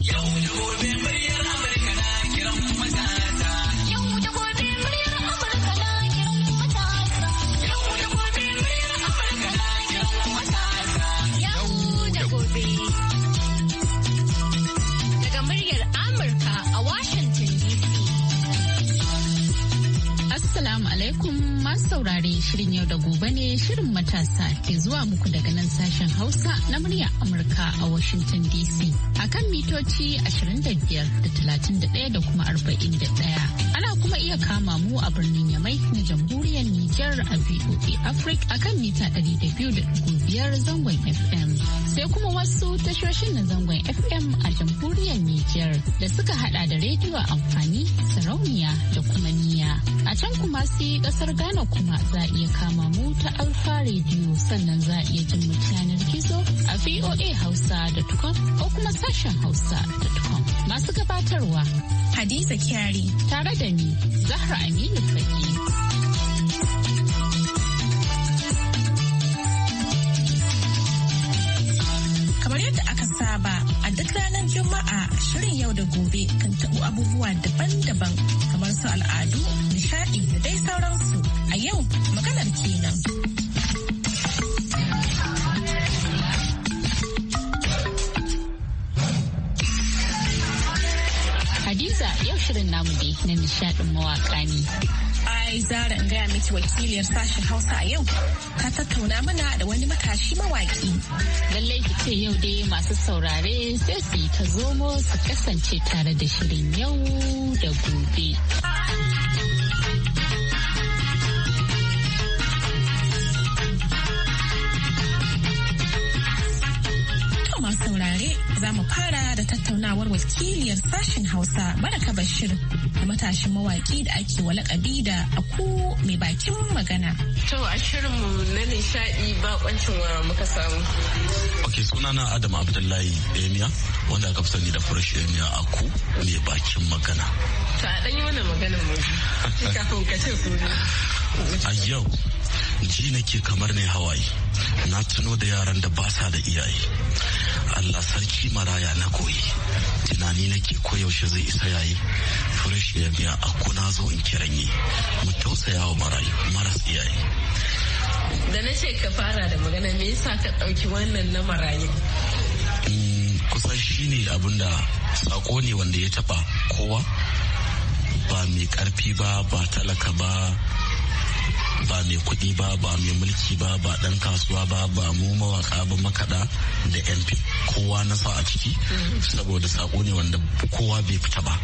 Yo, yo, yo. Shirin yau da gobe ne shirin matasa ke zuwa muku daga nan sashen Hausa na murya Amurka a Washington DC. A kan mitoci 25 da 31 da kuma 41. Ana kuma iya kama mu a birnin Yamai na jamhuriyar Nijar a VOA Africa a kan mita 200.5 zangon FM. sai kuma wasu tashoshin na zangon FM a jamhuriyar Nijar da suka hada da rediyo amfani sarauniya da kuma niya. A can kuma sai kasar Ghana kuma za iya kama mu ta Alfa rediyo sannan za iya jin mu yanar gizo a VOA Hausa da tukon ko kuma sashen Hausa da tukon. Masu gabatarwa Hadiza Kyari tare da ni Zahra Aminu Faki. Kamar yadda aka saba a duk ranar Juma'a shirin yau da gobe kan taɓo abubuwa daban-daban kamar su al'adu, nishaɗi da dai sauransu. A yau maganar kenan. Hadiza yau shirin namu dai na nishadin mawaƙa ne. ai zara in gaya miki wakiliyar sashen hausa a yau ta tattauna mana da wani matashi mawaki lallai ki ce yau dai masu saurare sai su yi ta zomo su kasance tare da shirin yau da gobe. za mu fara da tattaunawar wakiliyar sashen Hausa Baraka Bashir da matashin mawaki da ake wa lakabi da aku mai bakin magana. To a shirinmu na nishadi bakoncin wa muka samu. Ok sunana Adam Abdullahi Emiya wanda aka fi sani da Fresh Emiya aku mai bakin magana. To a yi wani magana mu kafin ka ce A yau ji nake kamar ne hawaye na tuno da yaran da ba sa da iyaye. Allah sarki maraya na koyi tunani nake koyaushe zai isa yayi fresh ya biya a kuna zo in yi mu tausaya wa marayu maras iyaye da na ce ka fara da magana me yasa ka ɗauki wannan na marayu mm, kusan shine abinda sako ne wanda ya taba kowa ba mai karfi ba ba talaka ba ba mai kuɗi ba ba mai mulki ba ba ɗan kasuwa ba ba mu mawaka ba makaɗa da yan kowa na sa a ciki saboda sako ne wanda kowa bai fita ba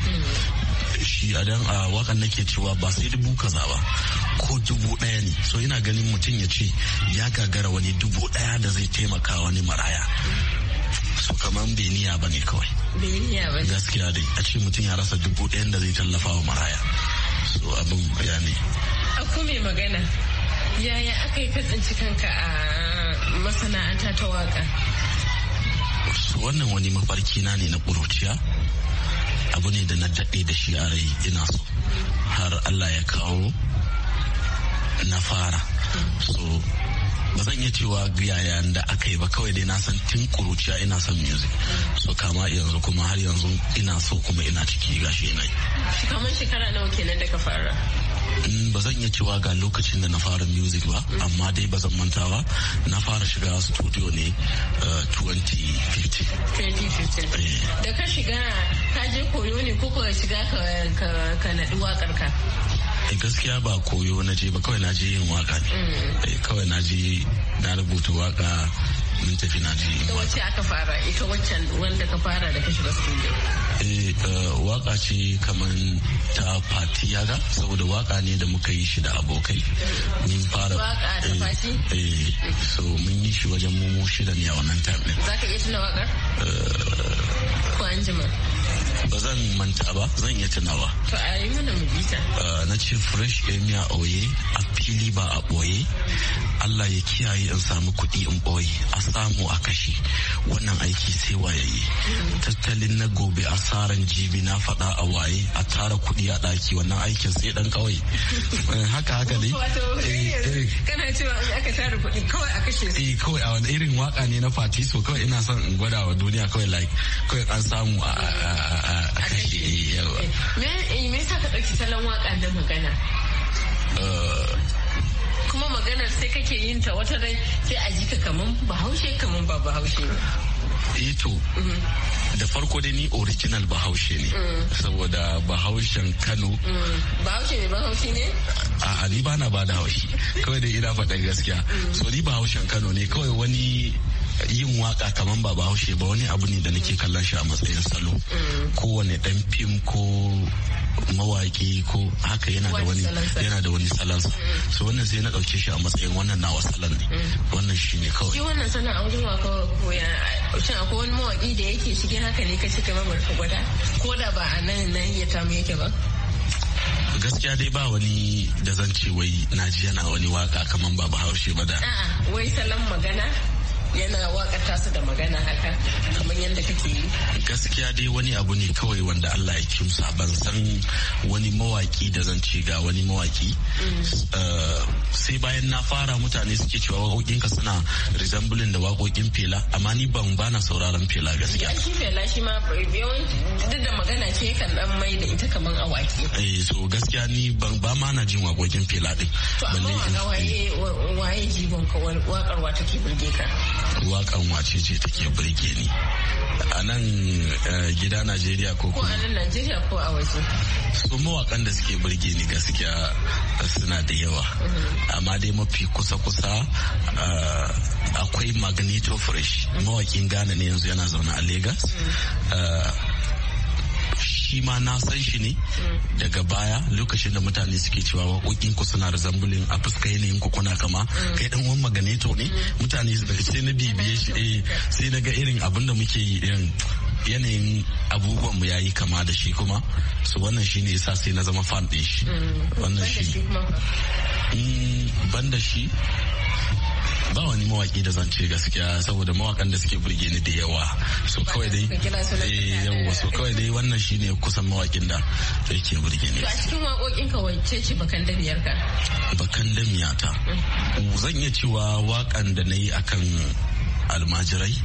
shi a dan a wakan nake cewa ba sai dubu kaza ba ko dubu ɗaya ne so ina ganin mutum ya ce ya gagara wani dubu ɗaya da zai taimaka wani maraya So kamar beniya ba ne kawai gaskiya dai a ce mutum ya rasa dubu ɗayan da zai tallafa wa maraya so abin ya ne. aku mai magana yaya aka yi katsinci kanka a masana'anta ta waka wannan wani mafarki na ne na ƙuruciya abu ne da na daɗe da shi a rai ina so har allah ya kawo na fara so ba zan iya cewa yaya da aka yi ba kawai dai na san tun kuruciya ina son music so kama yanzu kuma har yanzu ina so kuma ina ciki gashi ina yi kamar shekara nawa kenan da ka fara mm, ba zan iya cewa ga lokacin da na fara music ba amma dai ba zan manta ba na fara shiga studio ne 2015 uh, eh. da ka shiga ka je koyo ne ko ka shiga ka naɗi waƙar gaskiya ba koyo na je ba kawai na je yin waka ne mm. eh, kawai na je na rubuta waka mun tafi na je yin waka aka fara ita waccan wanda ka fara da kashi basu studio eh, eh waka ce kamar ta fati yaga saboda waka ne da muka yi shi da abokai mun fara waka da eh, fati eh so mun yi shi wajen mu shida ne a wannan time Za ka iya tuna wakar ko anjima ba zan manta ba zan iya tunawa to a yi mana mujita ah, na ce fresh emia oye a fili ba a boye Allah ya kiyaye in samu kuɗi in boye a samu a kashe wannan aiki sai wayaye mm. tattalin na gobe asaran jibi na faɗa a waye a tara kuɗi a ɗaki wannan aikin sai dan kawai eh, haka haka dai eh, eh, kana cewa aka tara kuɗi kawai a kashe eh kawai a wani irin waka ne na fati so kawai ina son in gwada wa duniya kawai like kawai an samu a a kashe yawa me yasa ka ɗauki salon waka da magana kuma maganar sai kake yin ta wata rai sai a ji ka kaman bahaushe kaman ba bahaushe Ito, eh da farko dai ni original bahaushe ne, saboda bahaushen Kano. Bahaushe ne bahaushe ne? A ni ba na ba da haushi, kawai dai ina faɗin gaskiya. So ni bahaushen Kano ne, kawai wani yin waka kamar ba haushe ba wani abu ne da nake kallon shi a matsayin salo mm. kowane dan fim ko mawaki ko haka yana da wani yana da wani salansa mm. so wannan sai na dauke shi a matsayin wannan nawa salan ne mm. wannan shine kawai shi wannan sana a wajen waka koya shin akwai wani mawaki da yake shige haka ne ka cike mamar gwada ko da ba a nan nan ya tamu yake ba gaskiya dai ba wani da zan ce wai na ji yana wani waka kamar ba haushe ba da wai salon magana yana wakata su da magana haka kamar yadda kake yi gaskiya dai wani abu ne kawai wanda Allah ya kimsa ban san wani mawaki da zan ci ga wani mawaki mm. eh, sai bayan na fara mutane suke cewa waƙoƙinka suna resembling da waƙoƙin fela amma ni ban bana sauraron fela gaskiya shi fela shi ma duk da magana ce kan dan mai da ita kaman awaki eh so gaskiya ni ban ba ma na jin waƙoƙin fela din to amma waye waye jibon ka waƙar wa take burge ka wakan wace ce take burge ni a nan eh, gida najeriya ko kuma a najeriya ko a waje su mawakan da suke burge ni gaskiya suna da yawa mm-hmm. amma dai mafi kusa-kusa eh, akwai magneto fresh mawakin ghana ne yanzu yana zaune a lagos mm-hmm. eh, shi ma na san shi ne daga baya lokacin da mutane suke cewa waƙoƙin ku suna da zambulin a fuska yanayin ku kuna kama kai dan uwan maganeto ne mutane sai na bibiye shi eh, sai na ga irin abin da muke yi irin yanayin abubuwan mu yayi kama da shi kuma su wannan shine yasa sai na zama fan din shi mm. wannan shi banda shi ba wani mawaki da zan ce gaskiya saboda mawakan da suke burge ni da yawa so kawai dai eh, yawa so kawai dai wannan shine kusan mawakin da yake burge ni a cikin wakokin ka ce bakan miyar ka bakan miyata zan iya cewa wakan da nayi akan almajirai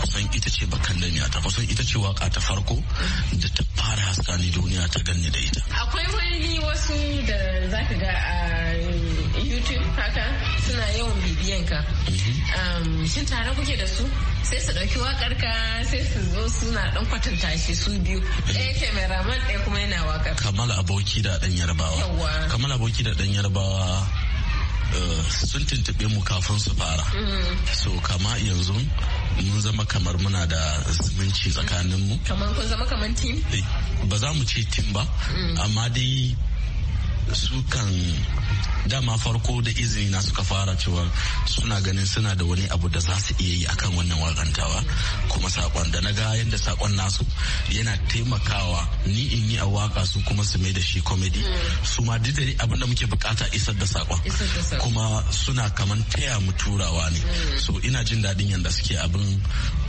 kusan ita ce bakallamiya ta kusan ita ce waka ta farko da ta fara haska duniya ta ganni da ita akwai wani wasu da ka ga a youtube haka suna yawan bibiyan ka shin tare kuke da su sai su ɗauki wakar ka sai su zo suna ɗan kwatanta shi su biyu ɗaya kameraman ɗaya kuma yana wakar kamal aboki da ɗan yarbawa kamal aboki da ɗan yarbawa sun tuntuɓe mu kafin su fara so kama yanzu mun zama kamar muna da zumunci tsakaninmu kamar kun zama kamar team eh, ba za mu ce tim ba mm. amma dai sukan dama farko da izini na suka fara cewa suna ganin suna da wani abu da za su iya yi akan wannan wakantawa kuma sakon da na ga yadda sakon nasu yana taimakawa ni in yi a waka su kuma su mai da shi komedi su ma didari abin da muke bukata isar da sakon kuma suna kaman taya mu turawa ne mm. so ina jin daɗin yadda suke abin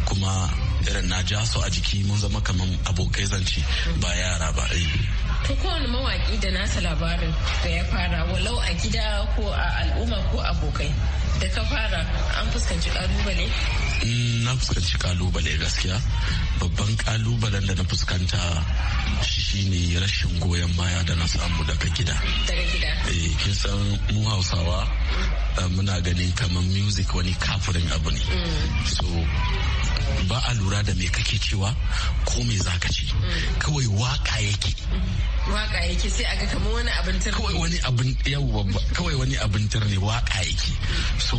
kuma irin na ja su a jiki mun zama kaman abokai zance ba yara ba eh. to kowane mawaki da nasa labarin da ya fara walau a gida ko a al'umma ko abokai da ka fara an fuskanci kalubale mm, na fuskanci kalubale gaskiya babban kalubalen da na fuskanta shine rashin goyon baya da na samu daga gida eh, kin san mu hausawa eh, muna ganin kamar music wani kafirin abu ne mm. so ba a lura da me kake cewa ko me za ka ce kawai waka yake waka yake sai aga kamar wani abin kawai wani abin yau kawai wani abin tir ne waka yake so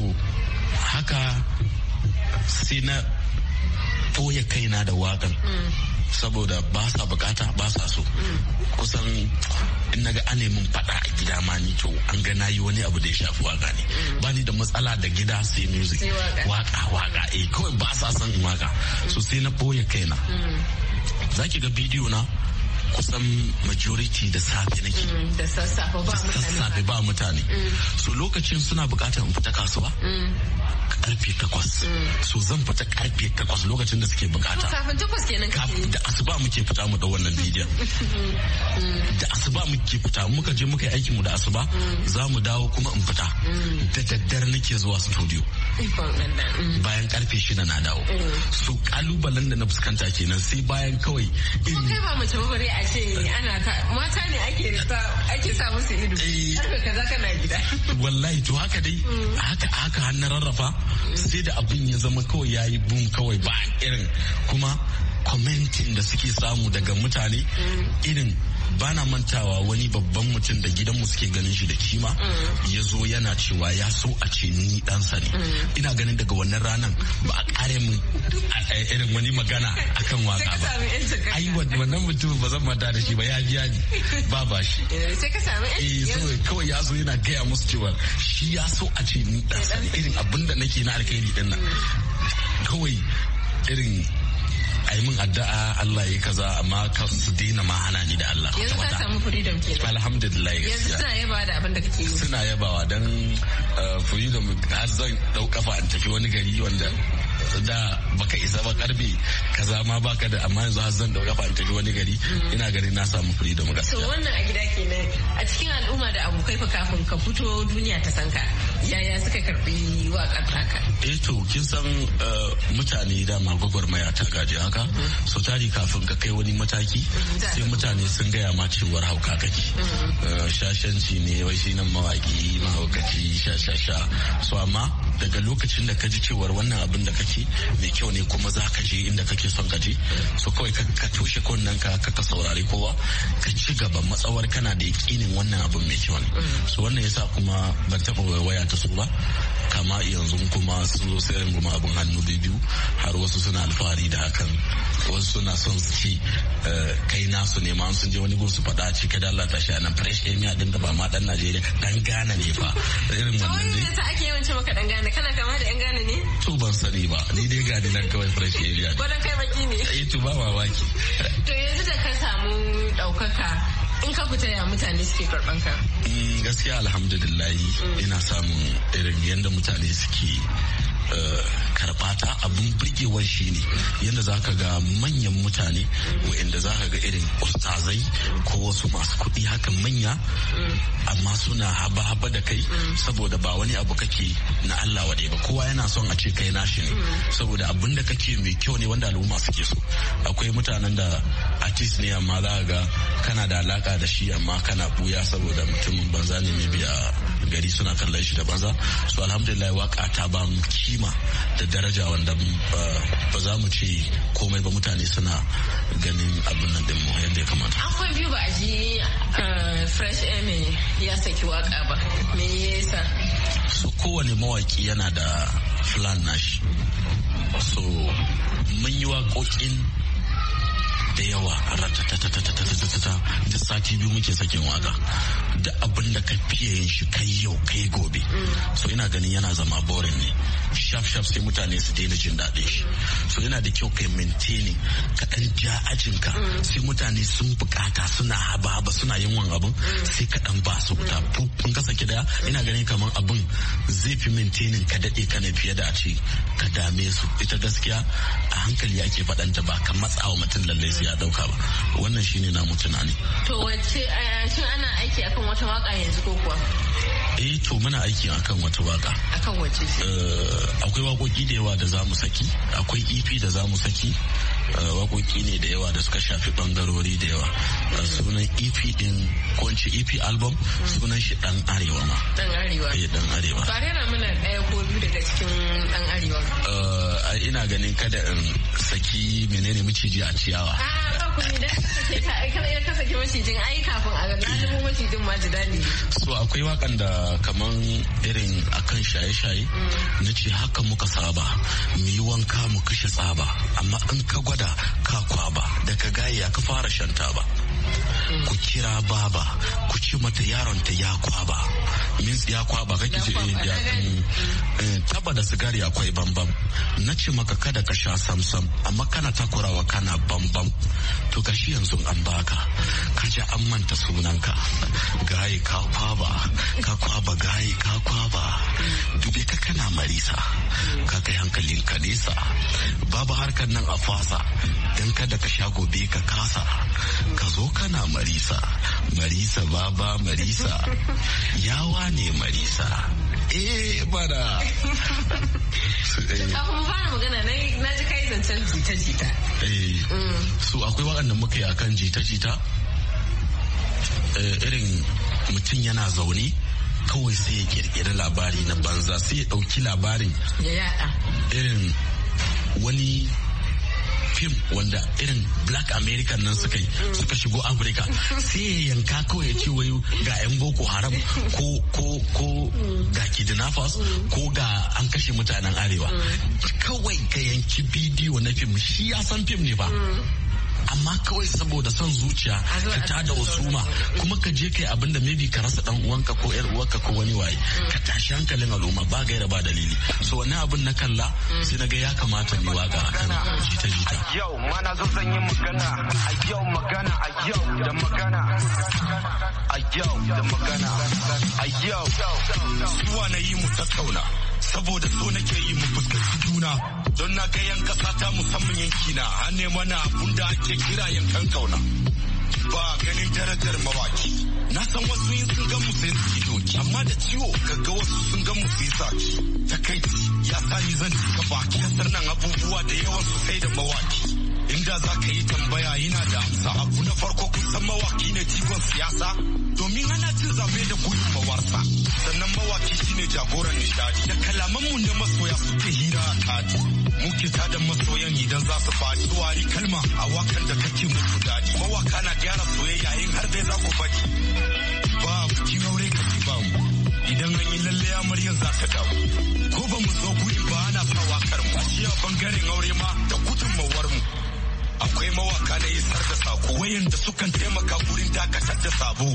haka sai na toya kaina da wakan saboda ba sa bukata ba sa so kusan in naga ane mun fada a gida ma ni to an ga nayi wani abu da ya shafi waka ne ba ni da matsala da gida sai music waka waka eh kawai ba sa son in waka so sai na boye kaina mm. zaki ga bidiyo na kusan majority da safe nake mm, da sassafe ba mutane mm. so lokacin suna bukatar in fita kasuwa karfe takwas so zan fita karfe takwas lokacin da suke bukata kafin takwas kenan da asuba muke fita mu da wannan bidiyon da asuba muke fita muka je muka yi aikin mu da asuba za mu dawo kuma in fita da daddare nake zuwa studio bayan karfe shida na dawo so kalubalen da na fuskanta kenan sai bayan kawai in kai ba mace bare a ce ana mata ne ake sa musu ido eh. karfe kaza kana gida wallahi to haka dai mm. haka haka har na rarrafa sai da abin ya zama kawai ya yi bun kawai ba irin kuma kwamentin da suke samu daga mutane mm. irin bana mantawa wani babban mutum da gidanmu suke ganin shi da kima mm. ya zo yana cewa ya so a ce ni ɗansa ne mm. ina ganin daga wannan ranar ba a kare mu irin wani magana akan waka ba ai wannan mutum ba zan manta da shi ba ya biya ni ba ba shi eh, sai ka samu eh, kawai ya zo yana gaya musu cewa shi ya so a ce ni ɗansa ne irin abin da nake na alkhairi ɗinnan nan mm. kawai irin yi min addu'a Allah ya kaza amma kar su daina ma hana ni da Allah yanzu ka samu freedom kenan alhamdulillah yanzu suna yabawa da abin da kake yi suna yabawa don eh, freedom har zan dau kafa in tafi wani gari wanda da baka isa ba karbe kaza zama baka da amma yanzu har zan dauka fa'in tafi wani gari mm. ina gari na samu freedom gaskiya to wannan a gida kenan a cikin al'umma da abokai fa kafin ka fito duniya ta san ka yaya suka karbi waƙar taka eh to kin san eh, mutane da dama gwagwarmaya ta gaji haka mm. so tari kafin ka kai wani mataki mm. sai mutane sun gaya ma cewar hauka kake eh, shashanci ne wai shi nan mawaki mahaukaci shashasha so amma daga lokacin da ka ji cewar wannan abin da kake mai kyau ne kuma za ka je inda kake son ka je so kawai ka toshe kunnen ka ka saurari kowa ka ci gaba matsawar kana da yakinin wannan abin mai kyau ne mm. so wannan yasa kuma ban taɓa waya ta su ba kama yanzu kuma sun zo yin goma abin hannu biyu har wasu suna alfahari da hakan wasu suna son su ci eh, kai nasu ne ma sun je wani gun su faɗa ci ka Allah shi a nan fresh emia din da ba ma dan najeriya dan gana ne fa irin wannan dai ake yawan ce ka dan gana Ghana kana kama da yan Ghana ne? To ban sani ba ni dai ga ni nan kawai fresh area. kai baki ne. Eh to ba mamaki. To yanzu da ka samu daukaka in ka fita ya mutane suke karban ka? Mm, gaskiya alhamdulillahi mm. ina samun irin yadda mutane suke abin birgewar shi ne yadda za ka ga manyan mutane wa'anda za ka ga irin ustazai ko wasu masu kuɗi haka manya amma suna haba-haba da kai saboda ba wani abu kake na Allah waɗe ba kowa yana son a ce kai nashi ne saboda abin da kake mai kyau ne wanda al'umma suke so akwai mutanen da artist ne amma za ga kana da alaka da shi amma kana buya saboda mutumin banza ne mai biya gari suna kallon shi da banza so alhamdulillah waka ta ba mu kima da daraja wanda abin ba za mu ce komai ba mutane suna ganin abin nan din mu yadda ya kamata. Akwai biyu ba a ji eh, fresh air ne ya saki waka ba me yasa? So kowane mawaki yana da flan nashi. So mun yi waƙoƙin da yawa da sati biyu muke sakin waka da abin da ka fiye yin shi kai yau kai gobe so ina ganin yana zama borin ne shaf shaf sai mutane su daina jin daɗin shi so yana da kyau kai maintaining ka ɗan ja ajinka sai mutane sun bukata suna haba haba suna yin wani abin sai ka ɗan ba su wuta kun ka saki daya ina ganin kamar abin zai fi maintaining ka daɗe ka na fiye da a ce ka dame su ita gaskiya a hankali ake faɗanta ba ka matsawa mutum lallai sai ya dauka ba wannan shine na mutunani to wacce eh, shin ana aiki akan wata waka yanzu ko kuwa eh to muna aiki akan wata waka akan wace eh, akwai wakoki da yawa da za mu saki akwai ep da za mu saki eh, wakoki ne da yawa da suka shafi bangarori da yawa eh, sunan ep din ko ep e album sunan shi dan arewa ma dan arewa eh dan arewa ba rera mana daya ko biyu daga cikin dan arewa ina ganin kada in saki menene miciji a ciyawa a ka kuma da ka saki macijin ai kafin a na ma ji So akwai wakan da kaman irin akan shaye-shaye na ce haka muka saba mu wanka mu kashe tsaba amma in ka gwada ka kwaba daga gaya ka fara shanta ba. Ku kira baba ku ci mata yaron ta ya kwaba means ya kwaba kake ce ya eh, eh, taba da sigari akwai bambam na ce maka kada ka sha samsam amma kana takurawa kana bambam to gashi yanzu an baka ka ji an manta sunanka gaye ka kwaba ka kwaba gaye ka kwaba dube ka kana marisa ka kai hankalin ka nesa babu harkar nan a fasa dan kada ka sha gobe ka kasa ka zo kana marisa marisa baba marisa yawa ne Marisa. Eh bara. Kafin fara magana na ji kai zancen jita-jita. Eh. So akwai waɗanda muka yi akan jita-jita? Eh, irin mutum yana zaune kawai sai ya kirkiri labari na banza sai ya ɗauki labarin. Ya yada. Irin wani fim wanda irin black american nan suka yi suka shigo afirka sai ya yanka kawai ya ce wayo ga yan boko haram ko ko ko ga kidnappers ko ga an kashe mutanen arewa kawai ka yanki bidiyo na fim shi ya san fim ne ba amma kawai saboda son zuciya ka tada husuma kuma ka je kai abin da maybe ka rasa dan uwanka ko yar uwanka ko wani waye mm. ka tashi hankalin al'umma ba gaira ba dalili so wani abin na kalla mm. sai na ga ya kamata mu waka kan jita jita yau mana zo zan yi magana a yau magana a yau da magana a yau da magana a yau zuwa na yi mu tattauna saboda so nake yi mu kauna don na ga yan kasa ta musamman yanki na an mana abun da ake kira yankan kauna ba ganin darajar mawaki na san wasu yin sun gan musayin yanzu doki amma da ciwo kaga wasu sun gan musu yi Ta takaici ya sani zan cika baki kasar nan abubuwa da yawan su sai da mawaki inda za ka yi tambaya yana da amsa abu na farko kun san mawaki ne jigon siyasa domin ana cin zabe da mawarsa sannan mawaki shine jagoran nishadi da kalaman mu na masoya suke hira a kati muke tada masoyan idan za su faɗi wari kalma a wakan da kake musu daɗi mawaka na gyara soyayya yayin har dai za ku faɗi ba bikin aure ka ba mu idan an yi lalle amaryar za ta dawo ko ba mu zo gurin ba ana sa wakar mu a bangaren aure ma da mawar mu akwai mawaka na isar da sako wayanda sukan taimaka gurin dakatar da sabo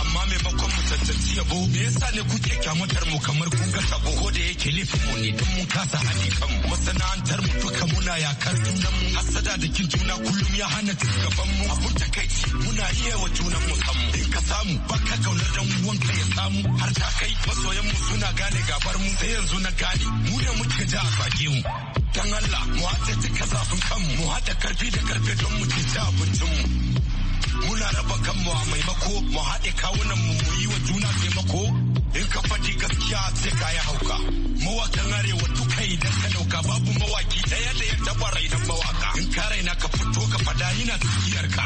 amma maimakon mu tantance yabo me yasa ne kuke kyamatar mu kamar kun ga sabo da yake laifin mu ne don mun kasa hali kan masana'antar mu duka muna yakar junan mu hasada da kin juna kullum ya hana ci gaban mu abun takaici muna iya wa tunan mu samu in ka samu baka kaunar dan ka ya samu har ta kai masoyan mu suna gane gabar mu sai yanzu na gane mu da muke ja a fage mu dan Allah mu haɗa duka zafin kanmu mu haɗa karfi da karfe don mu ci abincin mu muna raba kanmu a maimako mu haɗe kawunan mu mu yi wa juna taimako in ka faɗi gaskiya sai ka yi hauka mawakan arewa duka idan ka ɗauka babu mawaki ɗaya da ya taɓa rainan mawaka in ka raina ka fito ka faɗa yana tsakiyar ka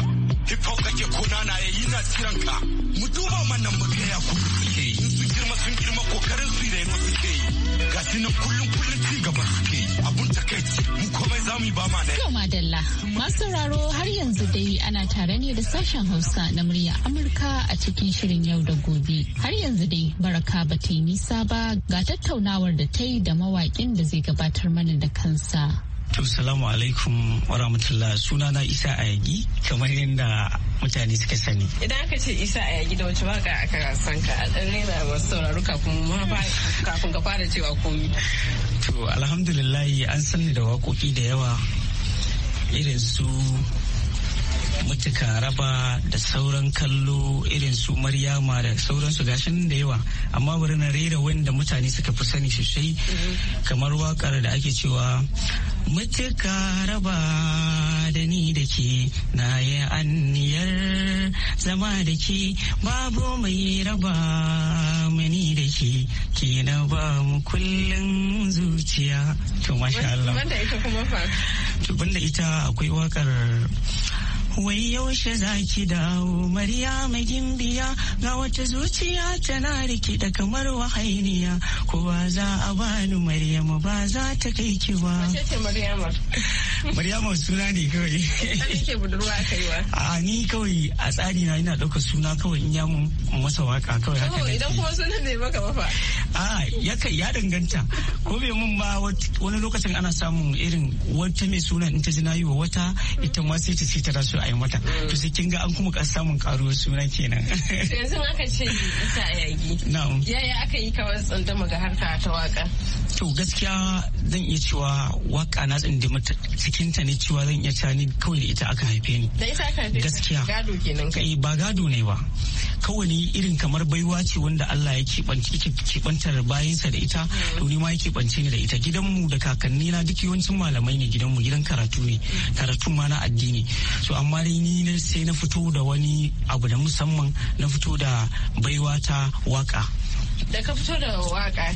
hip hop kake ko nana ya eh, yi na tsiran ka mu duba wannan mu gaya kullum suke yi in su girma sun girma kokarin su raino suke yi ga na kullum kullum ci gaba suke yi abun takaici mu komai za mu yi ba ma da yau madalla masu sauraro har yanzu dai ana tare ne da sashen hausa na murya amurka a cikin shirin yau da gobe har yanzu dai baraka ba ta yi nisa ba ga tattaunawar da ta yi da mawakin da zai gabatar mana da kansa To salamu alaikum wa rahmatullah suna na Isa Ayagi kamar yadda mutane suka sani. Idan aka ce Isa Ayagi da wace waka aka san ka a ɗan rera masu sauraro kafin ka fara cewa komi. To alhamdulillahi an sani da waƙoƙi da yawa irin su mutuka raba da sauran kallo irin su maryama da sauransu gashin da yawa amma bari na rera wanda mutane suka fi sani sosai kamar wakar da ake cewa mutuka raba da ni da ke na yi anniyar zama da ke babu mai raba mani da ke ke na ba mu kullum zuciya to masha Allah banda ita akwai wakar wai yaushe za ki dawo maryama gimbiya ga wata zuciya tana rikida kamar wahainiya kowa za a bani maryama ba za ta kai ki ba Maryama suna ne kawai. Kake budurwa kaiwa. A ni kawai a tsari na ina ɗauka suna kawai in ya masa waka kawai haka. Kawai idan kuma sunan ne maka mafa. A ya danganta. Ko bai mun ba wani lokacin ana samun irin wata mai suna in ta ji na yi wa wata ita ma sai ta ce ta rasu a yi mata. Mm. To sai kin ga an kuma ka samun karuwar suna kenan. Yanzu aka ce a yagi. Na'am. Yaya aka yi kawai tsundama ga harka ta waka? To gaskiya zan iya cewa waka na tsindi mata cikin ta ne cewa zan iya cani kawai da ita aka haife ni da ita aka haife gaskiya gado kenan kai eh, ba gado ne ba kawai irin kamar baiwa ce wanda Allah ya keɓantar bayansa da ita mm. to ni ma ya keɓance ni da ita Gidan mu da kakanni na duk yawancin malamai ne gidanmu gidan karatu ne mm. karatu ma na addini so amma dai ni sai na fito da wani abu da musamman na fito da baiwa ta waka da ka fito da waka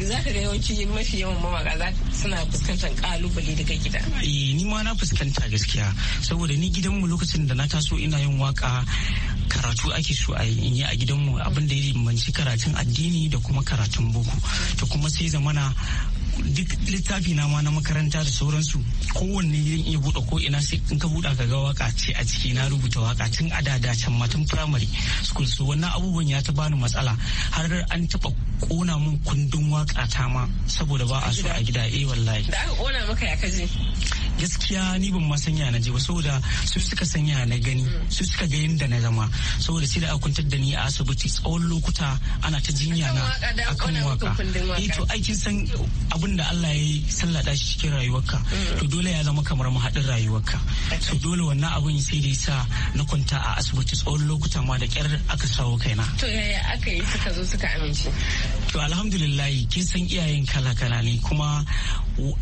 za ka da yawanci mafi yawan mawaka suna fuskantar kalubale daga gida eh ni ma na fuskanta gaskiya saboda ni gidan mu lokacin da na taso ina yin waka karatu ake so a yi a gidanmu abin da ya manci karatun addini da kuma karatun boko to kuma sai zamana duk littafi na ma na makaranta da sauransu kowanne irin iya buɗe ko ina sai in ka buɗa ka ga waka ce a ciki na rubuta waka tun a da can matan primary school so wannan abubuwan ya ta bani matsala har an taɓa kona mun kundin waka ta ma saboda ba a so a gida eh wallahi da aka kona maka ya kaje gaskiya ni ban ma sanya na je ba saboda su suka sanya na gani mm. su suka ga da na zama saboda sai da a kwantar da ni a asibiti tsawon lokuta ana ta jinya na akan waka eh aikin san abin da Allah ya yi sallada shi cikin rayuwarka mm. to dole ya zama kamar mahaɗin rayuwarka to dole wannan abin sai da sa na kwanta a asibiti tsawon lokuta ma da kyar aka sawo kaina to yaya aka yi suka zo suka amince to alhamdulillah kin san iyayen kala kala ne kuma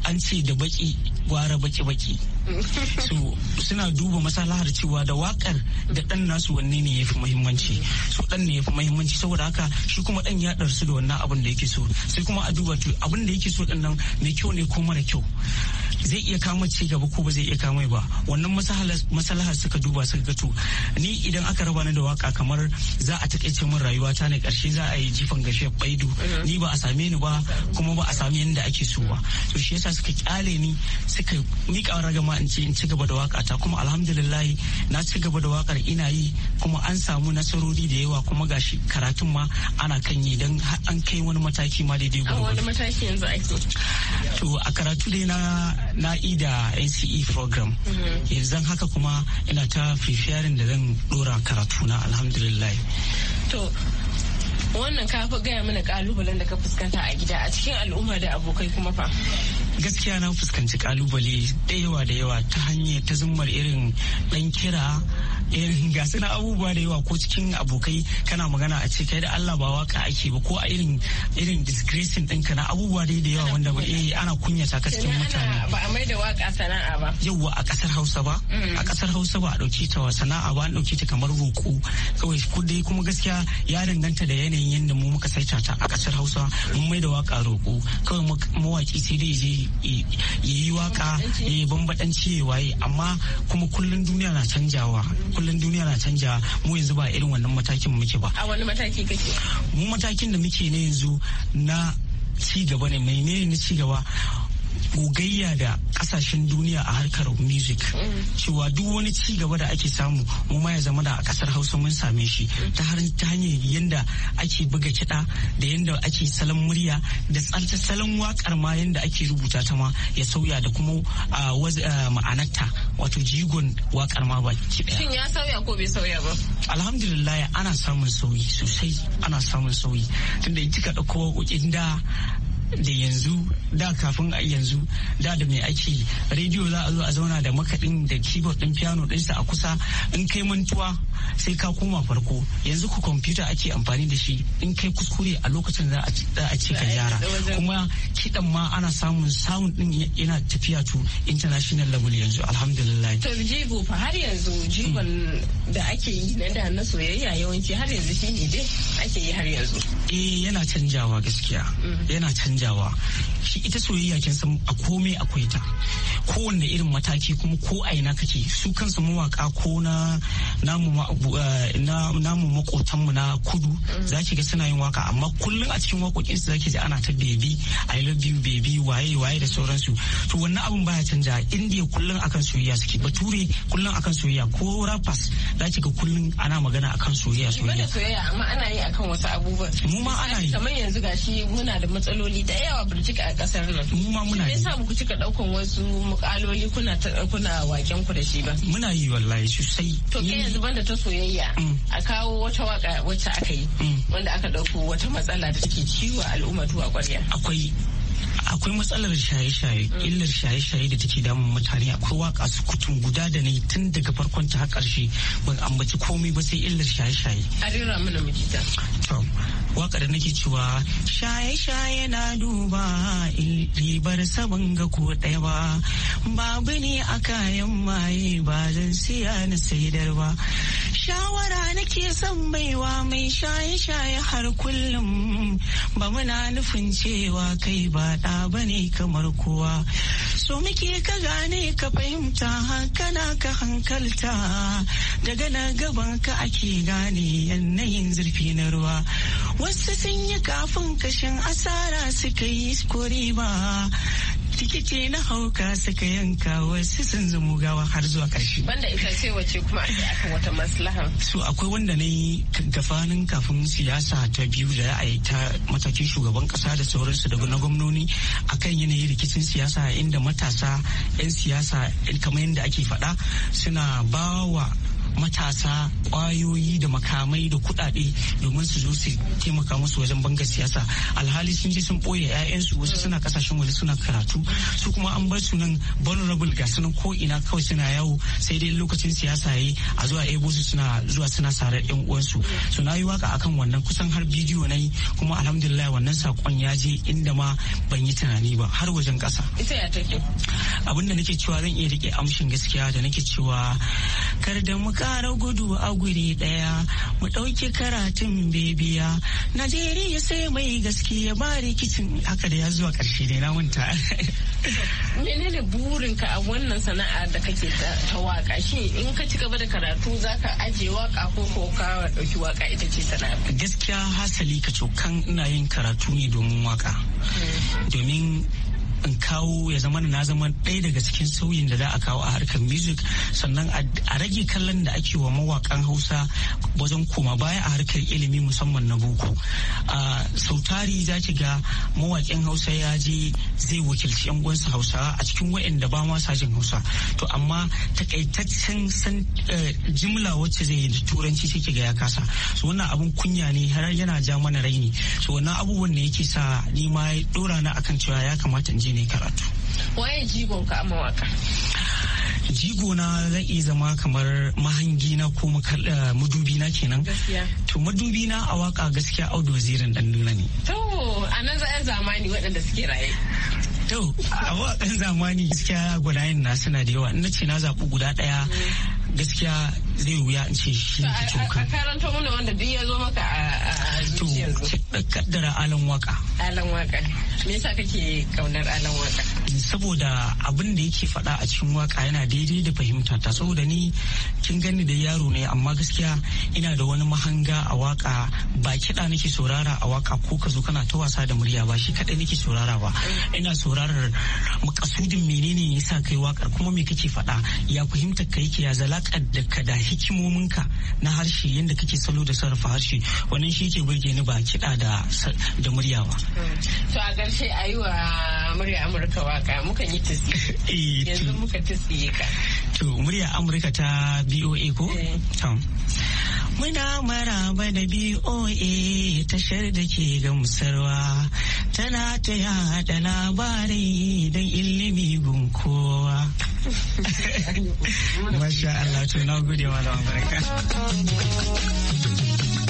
an ce da baki gwara baki-baki so suna duba masalahar cewa da wakar da dan nasu wanne ne ya fi muhimmanci so dan ne ya fi muhimmanci saboda haka shi kuma dan ya darsu da wannan abin da yake so sai kuma a duba abin da yake so dan nan mai kyau ne ko mara kyau zai iya kama ci gaba ko ba zai iya kama ba wannan masalahar suka duba suka gato ni idan aka raba ni da waka kamar za a takaice min rayuwa ta ne karshe za a yi jifan gashe baidu mm-hmm. ni ba a same ni ba kuma ba a same ni da ake so ba to shi yasa suka kyale ni suka mika ragama in ce in ci gaba da waka ta kuma alhamdulillah na ci gaba da wakar ina yi kuma an samu nasarori da yawa kuma gashi karatun ma ana kan yi dan an kai wani mataki ma daidai gwamnati. A wani mataki yanzu ake? To a karatu dai na na ida nce program mhm. yanzu haka kuma ina ta preferring da zan dora karatuna alhamdulillah to wannan ka gaya mana kalubalen da ka fuskanta a gida a cikin al'umma da abokai kuma fa gaskiya na fuskanci kalubale da yawa da yawa ta hanyar ta zummar irin dan kira Eh, ga suna abubuwa da yawa ko cikin abokai kana magana a ce kai da Allah ba waka ake ba ko a irin irin discretion ɗinka na abubuwa dai da yawa wanda ba eh ana kunyata ka cikin mutane ba a mai da waka sana'a ba yawa a kasar mm. Hausa ba a kasar Hausa ba a dauke ta sana'a ba an dauke ta kamar roko kawai ko dai kuma gaskiya ya danganta da yanayin yanda mu muka saita ta a kasar Hausa mun mai da waka roko kawai mawaki sai dai je yi waka eh, ya bambadanci ya waye amma kuma kullun duniya na canjawa kullum duniya na canja mu yanzu ba irin wannan matakin muke ba a wani mataki kake mu matakin da muke ne yanzu na ci gaba ne menene na ci gaba gogayya da kasashen duniya a harkar music cewa duk wani ci gaba da ake samu mu ma ya zama da a kasar hausa mun same shi ta hanyar yadda ake buga kiɗa da yadda ake salon murya da salon wakar ma yadda ake rubuta ta ma ya sauya da kuma ma'anarta wato jigon wakar ma ba shin ya sauya ko bai sauya ba alhamdulillah ana samun sauyi sosai ana samun sauyi tunda kika ɗauko da da yanzu da kafin a yanzu da da mai ake rediyo za a zo a zauna da makaɗin da keyboard ɗin piano ɗinsa a kusa in kai mantuwa sai ka koma farko yanzu ku kwamfuta ake amfani da shi in kai kuskure a lokacin za a ce ka gyara kuma kiɗan ma ana samun samun ɗin yana tafiya to international level yanzu alhamdulillah. to Jibo fa har yanzu jigon mm. da ake yi na da na soyayya yawanci har yanzu shine dai ake yi har yanzu. eh yana canjawa gaskiya mm. yana canjawa. canjawa shi ita soyayya kin san a komai akwai ta kowanne irin mataki kuma ko a ina kake su kansu mawaka ko na namu eh, mu na kudu mm. zaki ga suna yin waka amma kullun a cikin waƙoƙinsu zaki ji ana ta baby i love you baby waye waye da sauransu to wannan abun baya canja indiya kullun akan soyayya suke bature kullun akan soyayya ko rappers zaki ga kullun ana magana akan soyayya soyayya amma ana yi akan wasu abubuwa mu ma ana yi kamar yanzu gashi muna da matsaloli da yawa birjik a kasar nan. Mu ma muna yi. Shi ku cika daukan wasu mukaloli kuna kuna waken ku da shi ba? Muna yi wallahi sosai. To ke yanzu banda ta soyayya mm. a kawo wata waka wacce aka yi mm. wanda aka dauko wata matsala da take ciwo al'umma tuwa kwarya. Akwai akwai matsalar shaye-shaye illar shaye-shaye da take damun mutane akwai waka su kutun guda da ne tun daga farkon ta har karshe ban ambaci komai ba sai illar shaye-shaye a rera mana mijita to waka da nake cewa shaye-shaye na duba ribar saban ga ko ɗaya ba babu ne a kayan maye ba zan siya na saidar ba shawara nake son baiwa mai shaye-shaye har kullum ba muna nufin cewa kai ba ɗa bane kamar kowa so muke ka gane ka fahimta hankana ka hankalta daga na gaban ka ake gane yanayin zurfi na ruwa wasu sun yi kafin kashin asara suka yi ba tikiti na hauka saka yanka wasu sun zumu gawa har zuwa karshe. Banda ita ce wace kuma aka wata maslaha. So akwai wanda na yi gafanin kafin siyasa ta biyu da a yi ta matakin shugaban kasa da sauransu da na gwamnoni akan yanayin rikicin siyasa inda matasa 'yan siyasa kamar yadda ake faɗa suna bawa. matasa kwayoyi da makamai da kuɗaɗe domin su zo su taimaka musu wajen banga siyasa alhali sun je sun ɓoye 'ya'yansu wasu suna kasashen waje suna karatu su kuma an bar su nan vulnerable ga sunan ko ina kawai suna yawo sai dai lokacin siyasa yayi a zuwa ebo su suna zuwa suna sare yan uwansu suna na yi waka akan wannan kusan har bidiyo na yi kuma alhamdulillah wannan sakon ya je inda ma ban yi tunani ba har wajen kasa ita ya take abin da nake cewa zan iya rike amshin gaskiya da nake cewa kar da muka kara gudu a guri daya mu ɗauki karatun bebiya najeriya sai mai gaskiya ba rikicin haka da ya zuwa ƙarshe da na menene burinka a wannan sana'a da kake ta waka shi in ka ci gaba da karatu za ka aje waka ko ko ka dauki waka ita ce sana'a gaskiya hasali ka cokan ina yin karatu ne domin waka hmm. domin in kawo ya zama na zama ɗaya daga cikin sauyin da za a kawo a harkar music sannan a rage kallon da ake wa mawakan hausa wajen koma baya a harkar ilimi musamman na boko sautari za ki ga mawakin hausa ya je zai wakilci yan gwansa hausa a cikin wa'anda ba ma sajin hausa to amma takaitaccen san eh, jimla wacce zai yi da turanci sai ga ya kasa so wannan abun kunya ne har yana ja mana raini so wannan abubuwan ne yake sa ni ma dora na akan cewa ya kamata in je je na karatu. Waye jigon ka mawaka? jigo na zan iya zama kamar mahangi na ko eh, madubi na kenan. To madubi na a waka gaskiya audu wazirin dan nuna ne. To a nan za'yan zamani waɗanda suke raye. To a wakan zamani gaskiya gwanayen na suna da yawa Ina ce na zaɓi guda ɗaya mm. gaskiya zai wuya in ce shi ne coka. A Karanta mana wanda duk ya zo maka a zuciyar. To, kaddara alan waka. Alan waka. Me yasa kake kaunar alan waka? saboda abin da yake faɗa a cikin waka yana daidai da fahimta ta saboda ni kin gani da yaro ne amma gaskiya ina da wani mahanga a waka ba kiɗa nake saurara a waka ko ka zo kana ta wasa da murya ba shi kaɗai nake saurara ba ina saurarar makasudin menene ya sa kai wakar kuma me kake faɗa ya fahimta ka yake ya zalaka da ka da ka na harshe yadda kake salo da sarrafa harshe wannan shi yake burge ni ba kiɗa da murya ba. To a ƙarshe a yi wa murya Amurka waka ka muka yi tisi eh, yanzu muka tisi ka to murya amurka ta boa ko eh. Muna maraba da BOA tashar da ke gamsarwa tana ta yada labarai don ilimi gunkowa. Masha Allah to na gode da barka.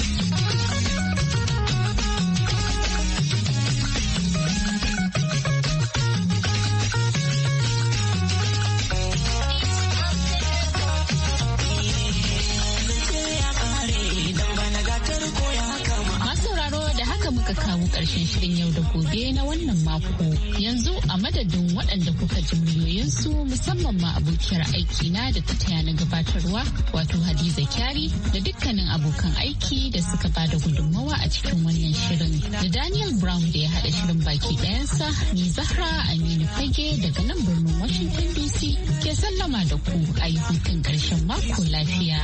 karshen shirin yau da gobe na wannan mako. Yanzu a madadin waɗanda kuka ji muryoyinsu musamman ma abokiyar aiki na da ta taya na gabatarwa wato Hadiza Kyari da dukkanin abokan aiki da suka ba da gudunmawa a cikin wannan shirin. Da Daniel Brown da ya haɗa shirin baki ɗayansa ni Zahra Aminu Fage daga nan birnin Washington DC ke sallama da ku a yi hutun ƙarshen mako lafiya.